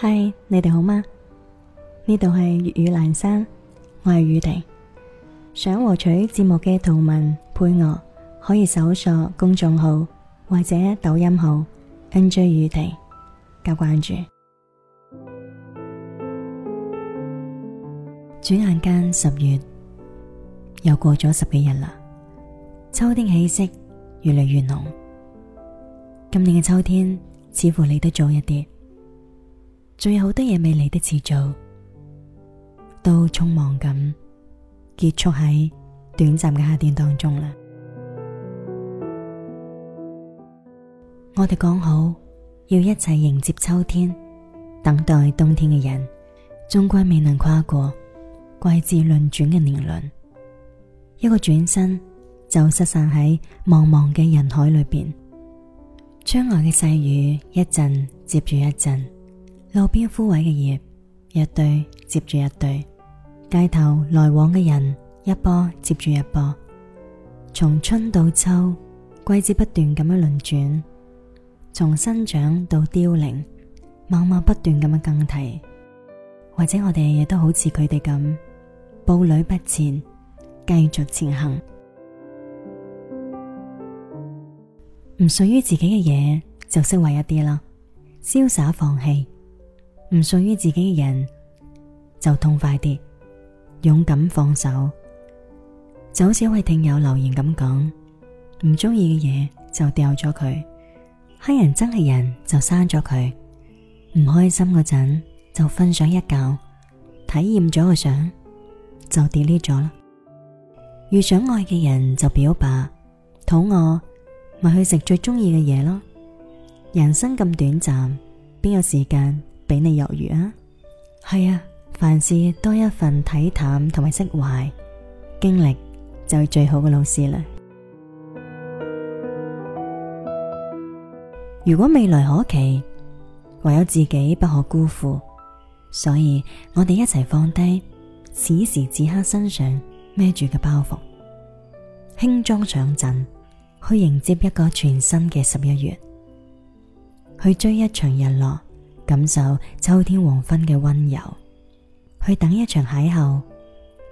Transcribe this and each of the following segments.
嗨，Hi, 你哋好嗎？呢度係粵語闌山，我係宇婷。想獲取節目嘅圖文配樂，可以搜索公眾號或者抖音號 N J 宇婷加關注。轉眼間十月又過咗十幾日啦，秋天氣息越嚟越濃。今年嘅秋天似乎嚟得早一啲。仲有好多嘢未嚟得切做，都匆忙咁結束喺短暫嘅夏天當中啦。 我哋講好要一齊迎接秋天，等待冬天嘅人，終歸未能跨過季節輪轉嘅年輪。一個轉身就失散喺茫茫嘅人海裏邊。窗外嘅細雨一陣接住一陣。路邊枯萎嘅葉，一對接住一對；街頭來往嘅人，一波接住一波。從春到秋，季節不斷咁樣輪轉；從生長到凋零，萬物不斷咁樣更替。或者我哋亦都好似佢哋咁步履不停，繼續前行。唔屬於自己嘅嘢就釋懷一啲啦，瀟灑放棄。唔屬於自己嘅人就痛快啲，勇敢放手。就好似一位聽友留言咁講，唔中意嘅嘢就掉咗佢，黑人憎嘅人就刪咗佢，唔開心嗰陣就瞓上一覺，體驗咗個相，就 delete 咗啦。遇上愛嘅人就表白，肚餓咪去食最中意嘅嘢咯。人生咁短暫，邊有時間？俾你猶豫啊！係啊，凡事多一份睇淡同埋釋懷，經歷就係最好嘅老師啦。如果未來可期，唯有自己不可辜負，所以我哋一齊放低此時此刻身上孭住嘅包袱，輕裝上陣去迎接一個全新嘅十一月，去追一場日落。感受秋天黃昏嘅溫柔，去等一場邂逅，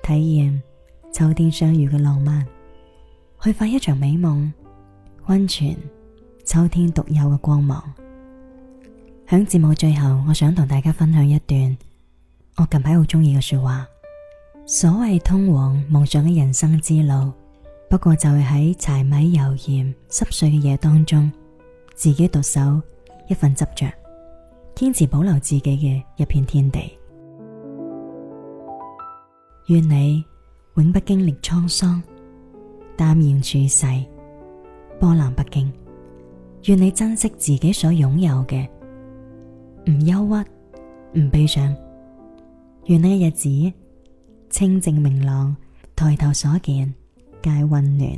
體驗秋天相遇嘅浪漫，去發一場美夢。溫存，秋天獨有嘅光芒。響節目最後，我想同大家分享一段我近排好中意嘅說話。所謂通往夢想嘅人生之路，不過就係喺柴米油鹽濕碎嘅嘢當中，自己獨守一份執着。堅持保留自己嘅一片天地，願你永不經歷滄桑，淡然處世，波瀾不驚。願你珍惜自己所擁有嘅，唔憂鬱，唔悲傷。願你嘅日子清淨明朗，抬頭所見皆温暖。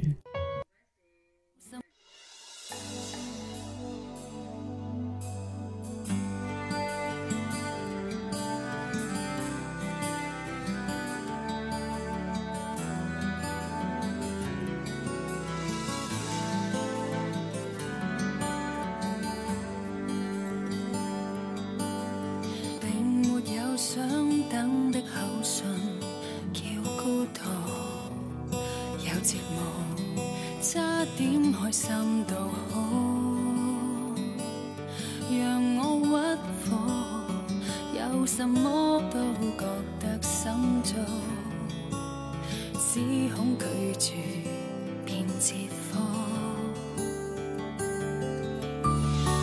寂寞，差點開心都好讓我屈服，有什麼都覺得心足，只恐拒絕變折磨。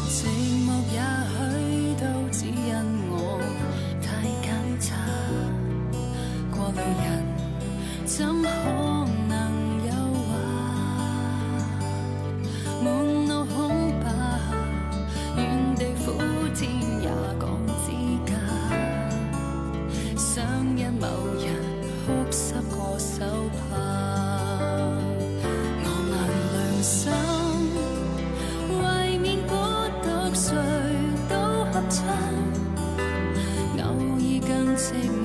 寂寞也許都只因我太簡質，過路人怎可？因某人哭濕過手帕，我難良心，為免孤獨，誰都合襯偶爾更寂寞。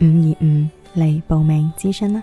五二五嚟報名諮詢啦！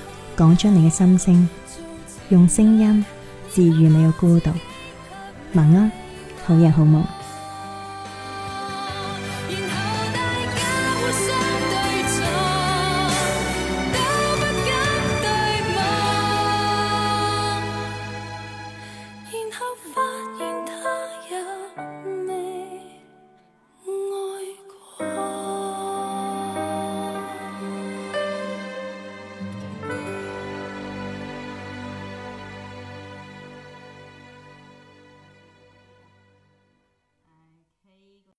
講出你嘅心聲，用聲音治愈你嘅孤獨。晚安，好人好夢。